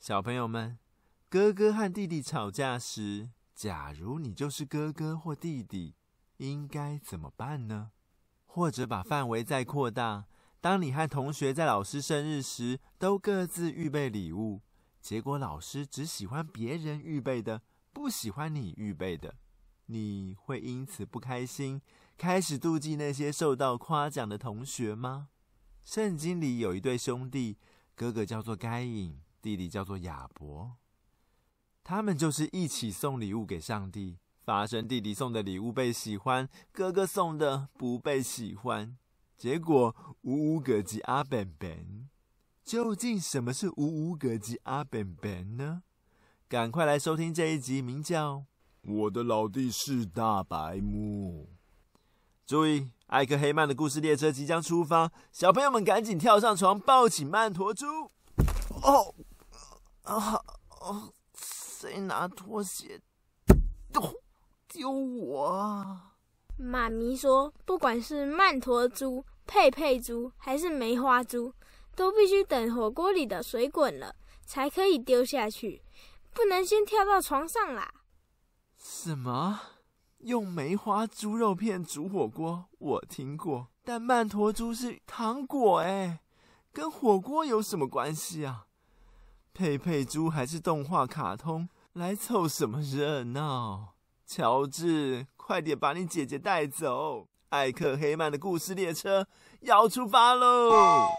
小朋友們，哥哥和弟弟吵架時，假如你就是哥哥或弟弟，應該怎麼辦呢？或者把範圍再擴大，當你和同學在老師生日時都各自預備禮物，結果老師只喜歡別人預備的，不喜歡你預備的，你會因此不開心，開始妒忌那些受到誇獎的同學嗎？聖經裡有一對兄弟，哥哥叫做該隱。弟弟叫做亞伯，他們就是一起送禮物給上帝。發生弟弟送的禮物被喜歡，哥哥送的不被喜歡。結果五五格吉阿笨笨，究竟什麼是五五格吉阿笨笨呢？趕快來收聽這一集，名叫《我的老弟是大白目》。注意，艾克黑曼的故事列車即將出發，小朋友們趕緊跳上床，抱起曼陀珠。哦。啊哦、啊！誰拿拖鞋丟丟我啊？媽咪說，不管是曼陀珠、佩佩珠還是梅花珠，都必須等火鍋裡的水滾了才可以丟下去，不能先跳到床上啦。什麼？用梅花豬肉片煮火鍋？我聽過，但曼陀珠是糖果誒，跟火鍋有什麼關係啊？佩佩豬還是動畫卡通，來湊什麼熱鬧？喬治，快點把你姐姐帶走！艾克黑曼的故事列車要出發嘍！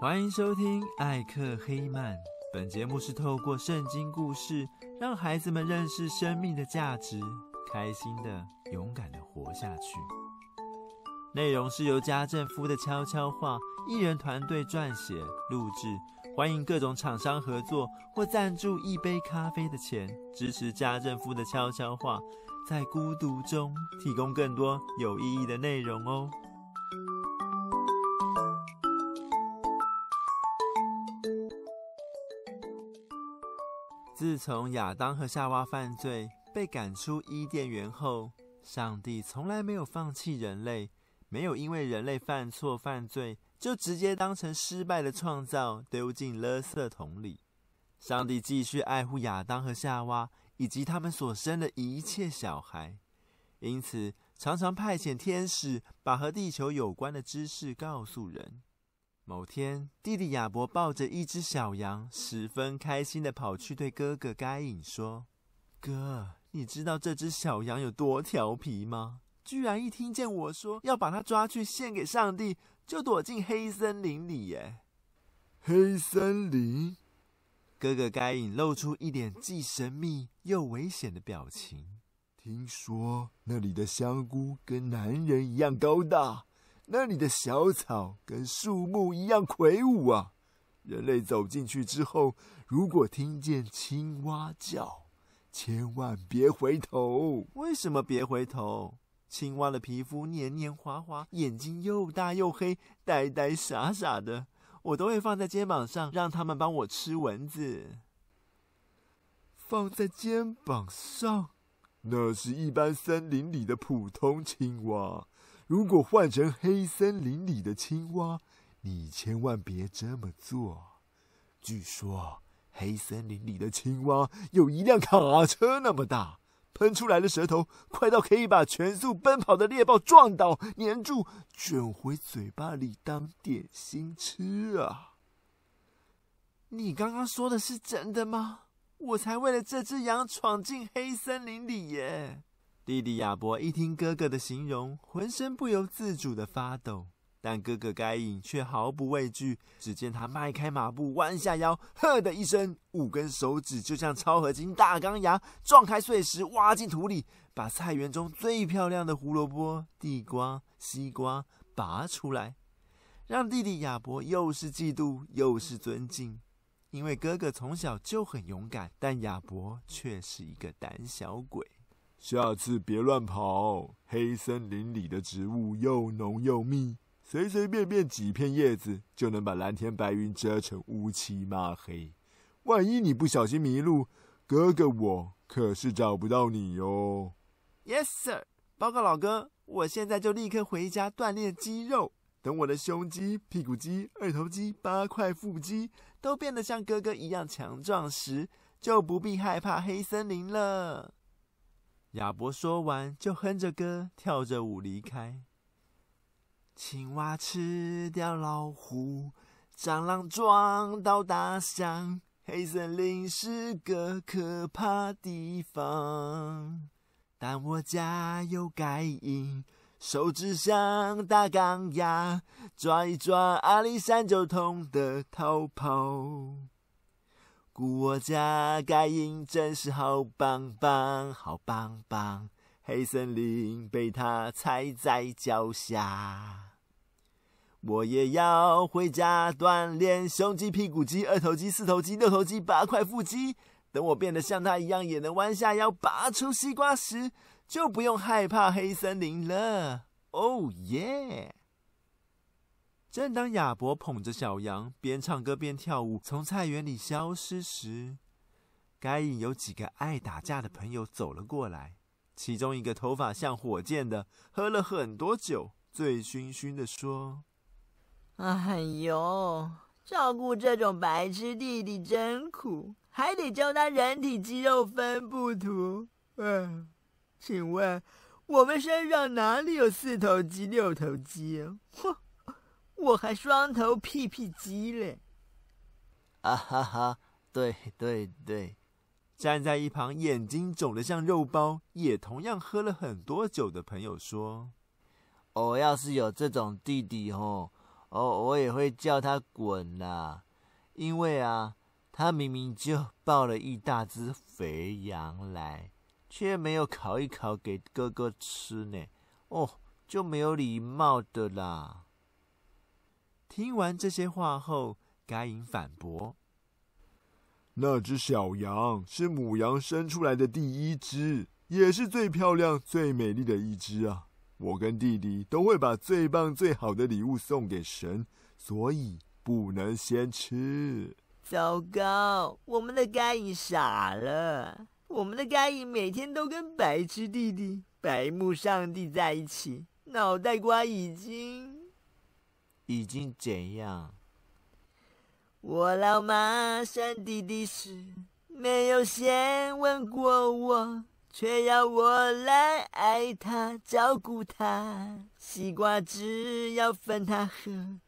歡迎收聽艾克黑曼，本節目是透過聖經故事，讓孩子們認識生命的價值，開心的、勇敢的活下去。內容是由家政夫的悄悄話藝人團隊撰寫、錄製，歡迎各種廠商合作或贊助一杯咖啡的錢，支持家政夫的悄悄話，在孤獨中提供更多有意義的內容哦。自從亞當和夏娃犯罪被趕出伊甸園後，上帝從來沒有放棄人類，沒有因為人類犯錯犯罪就直接當成失敗的創造丟進了垃圾桶裡。上帝繼續愛護亞當和夏娃以及他們所生的一切小孩，因此常常派遣天使把和地球有關的知識告訴人。某天，弟弟亞伯抱着一隻小羊，十分開心地跑去對哥哥該隱說：“哥，你知道這隻小羊有多調皮嗎？居然一聽見我說要把它抓去獻給上帝，就躲進黑森林裡耶！”黑森林？哥哥該隱露出一臉既神秘又危險的表情。聽說那裡的香菇跟男人一樣高大。那裡的小草跟樹木一樣魁梧啊！人類走進去之後，如果聽見青蛙叫，千萬別回頭。為什麼別回頭？青蛙的皮膚黏黏滑滑，眼睛又大又黑，呆呆傻傻的，我都會放在肩膀上，讓它們幫我吃蚊子。放在肩膀上？那是一般森林裡的普通青蛙。如果換成黑森林裡的青蛙，你千萬別這麼做。據說黑森林裡的青蛙有一輛卡車那麼大，噴出來的舌頭快到可以把全速奔跑的獵豹撞倒、黏住、捲回嘴巴裡當點心吃啊！你剛剛說的是真的嗎？我才為了這只羊闖進黑森林裡耶。弟弟亞伯一聽哥哥的形容，渾身不由自主的發抖。但哥哥該隱卻毫不畏懼。只見他邁開馬步，彎下腰，呵的一聲，五根手指就像超合金大鋼牙，撞開碎石，挖進土裡，把菜園中最漂亮的胡蘿蔔、地瓜、西瓜拔出來。讓弟弟亞伯又是嫉妒又是尊敬，因為哥哥從小就很勇敢，但亞伯卻是一個膽小鬼。下次別亂跑，黑森林裡的植物又濃又密，隨隨便便幾片葉子就能把藍天白雲遮成烏漆嘛黑。萬一你不小心迷路，哥哥我可是找不到你喲、哦。Yes, sir。報告老哥，我現在就立刻回家鍛鍊肌肉。等我的胸肌、屁股肌、二頭肌、八塊腹肌都變得像哥哥一樣強壯時，就不必害怕黑森林了。亞伯說完，就哼着歌，跳着舞離開。青蛙吃掉老虎，蟑螂撞到大象，黑森林是個可怕地方。但我家有該隱，手指像大鋼牙，抓一抓阿里山就痛得逃跑。我家該隱真是好棒棒，好棒棒！黑森林被他踩在腳下。我也要回家鍛鍊胸肌、屁股肌、二頭肌、四頭肌、六頭肌、八塊腹肌。等我變得像他一樣，也能彎下腰拔出西瓜時，就不用害怕黑森林了。哦、oh, 耶！yeah！正當亞伯捧着小羊，邊唱歌邊跳舞，從菜園裡消失時，該隱有幾個愛打架的朋友走了過來。其中一個頭髮像火箭的，喝了很多酒，醉醺醺的說：“哎呦，照顧這種白痴弟弟真苦，還得教他人體肌肉分布圖。嗯，請問我們身上哪裡有四頭肌、六頭肌？”哼。我還雙頭屁屁雞嘞！啊哈哈，對對對。站在一旁眼睛腫得像肉包，也同樣喝了很多酒的朋友說：“哦，要是有這種弟弟吼，哦，哦，我也會叫他滾啦，因為啊，他明明就抱了一大隻肥羊來，卻沒有烤一烤給哥哥吃呢，哦，就沒有禮貌的啦。”聽完這些話後，該隱反駁：“那隻小羊是母羊生出來的第一隻，也是最漂亮、最美麗的一隻啊！我跟弟弟都會把最棒、最好的禮物送給神，所以不能先吃。”糟糕，我們的該隱傻了。我們的該隱每天都跟白痴弟弟、白目上帝在一起，腦袋瓜已經……已經怎樣？我老媽生弟弟時沒有先問過我，卻要我來愛他、照顧他。西瓜汁要分他喝，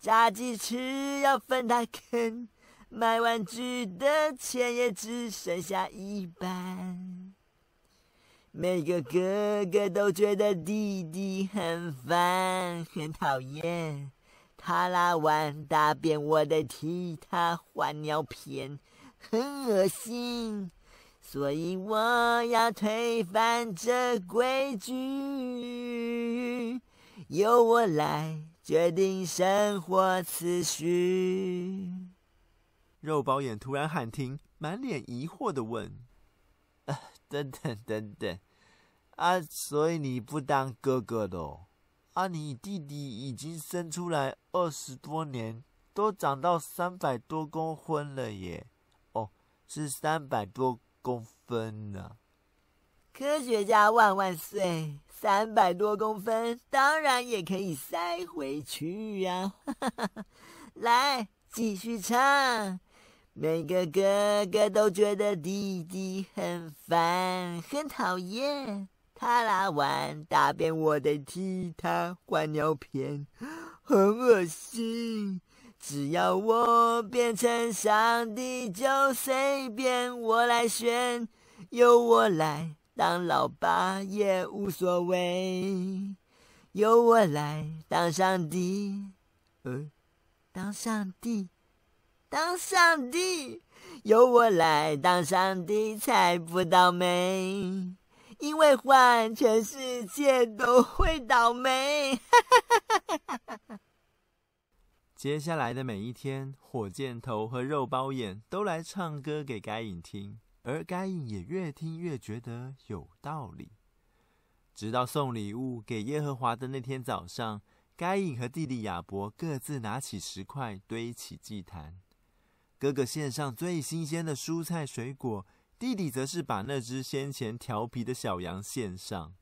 炸雞翅要分他啃，買玩具的錢也只剩下一半。每個哥哥都覺得弟弟很煩，很討厭。他拉完大便，我得替他換尿片，很噁心，所以我要推翻這規矩，由我來決定生活次序。肉包眼突然喊停，滿臉疑惑地問：“啊，“等等等等，啊，所以你不當哥哥咯？”啊！你弟弟已經生出來二十多年，都長到三百多公分了耶！哦，是三百多公分啊。科學家萬萬歲！三百多公分當然也可以塞回去啊！ 來，繼續唱。每個哥哥都覺得弟弟很煩，很討厭。他拉完大便，我得替他換尿片，很惡心。只要我變成上帝，就隨便我來選，由我來當老爸也無所謂，由我來當上帝，呃、嗯，當上帝，當上帝，由我來當上帝才不倒霉。因為換全世界都會倒霉。 接下來的每一天，火箭頭和肉包眼都來唱歌給該隱聽，而該隱也越聽越覺得有道理。直到送禮物給耶和華的那天早上，該隱和弟弟亞伯各自拿起石塊堆起祭壇，哥哥獻上最新鮮的蔬菜水果，弟弟則是把那隻先前調皮的小羊獻上，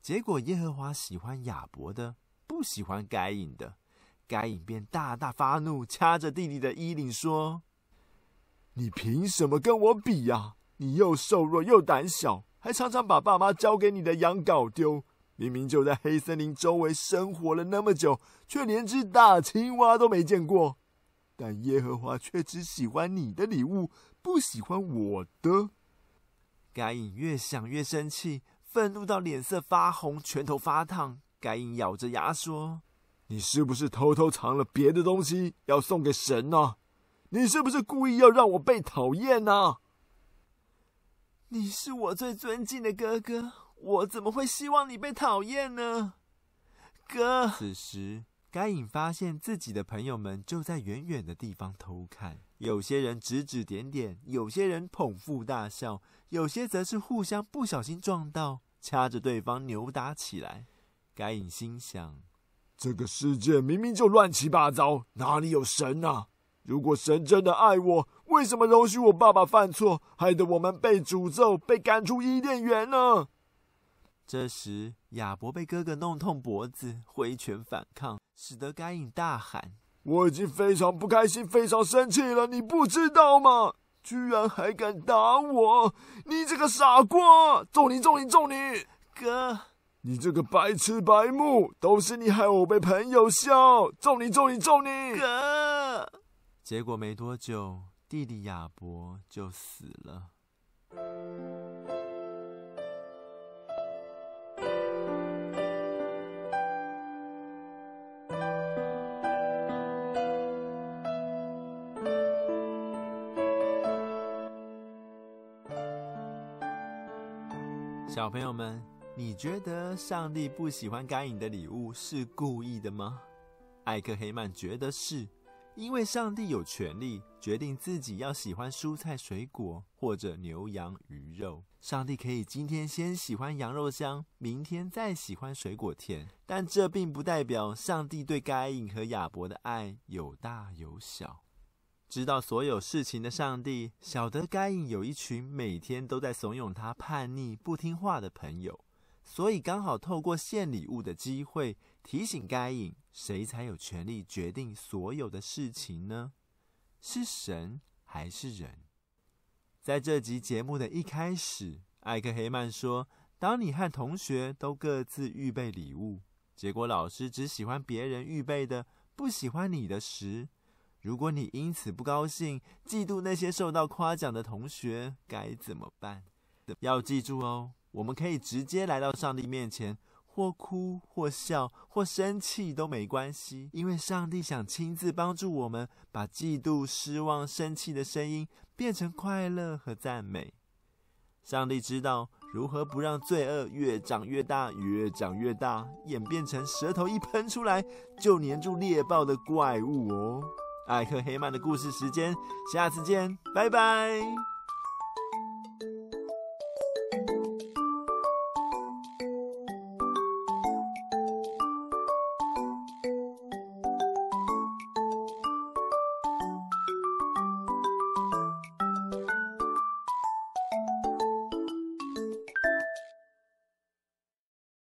結果耶和華喜歡亞伯的，不喜歡該隱的。該隱便大大發怒，掐着弟弟的衣領說：“你憑什麼跟我比呀？你又瘦弱又膽小，還常常把爸媽交給你的羊搞丟。明明就在黑森林周圍生活了那麼久，卻連隻大青蛙都沒見過。但耶和華卻只喜歡你的禮物。”不喜歡我的，該隱越想越生氣，憤怒到臉色發紅，拳頭發燙。該隱咬着牙說：“你是不是偷偷藏了別的東西要送給神啊？你是不是故意要讓我被討厭呢、啊？”你是我最尊敬的哥哥，我怎麼會希望你被討厭呢，哥？此時，該隱發現自己的朋友們就在遠遠的地方偷看。有些人指指點點，有些人捧腹大笑，有些則是互相不小心撞到，掐着對方扭打起來。該隱心想：這個世界明明就亂七八糟，哪裡有神啊？如果神真的愛我，為什麼容許我爸爸犯錯，害得我們被詛咒，被趕出伊甸園呢？這時，亞伯被哥哥弄痛脖子，揮拳反抗，使得該隱大喊。我已經非常不開心，非常生氣了，你不知道嗎？居然還敢打我！你這個傻瓜，揍你揍你揍你！哥，你這個白痴白目，都是你害我被朋友笑，揍你揍你揍你，揍你！哥，結果沒多久，弟弟亞伯就死了。小朋友們，你覺得上帝不喜歡該隱的禮物是故意的嗎？艾克黑曼覺得是，因為上帝有權利決定自己要喜歡蔬菜水果或者牛羊魚肉。上帝可以今天先喜歡羊肉香，明天再喜歡水果甜，但這並不代表上帝對該隱和亞伯的愛有大有小。知道所有事情的上帝，曉得該隱有一群每天都在慫恿他叛逆、不聽話的朋友，所以剛好透過獻禮物的機會提醒該隱：誰才有權利決定所有的事情呢？是神還是人？在這集節目的一開始，艾克黑曼說：“當你和同學都各自預備禮物，結果老師只喜歡別人預備的，不喜歡你的時。”如果你因此不高興、嫉妒那些受到誇獎的同學，該怎麼辦？要記住哦，我們可以直接來到上帝面前，或哭、或笑、或生氣都沒關係，因為上帝想親自幫助我們，把嫉妒、失望、生氣的聲音變成快樂和讚美。上帝知道如何不讓罪惡越長越大、越長越大，演變成舌頭一噴出來就黏住獵豹的怪物哦。艾克黑曼的故事時間，下次見，拜拜。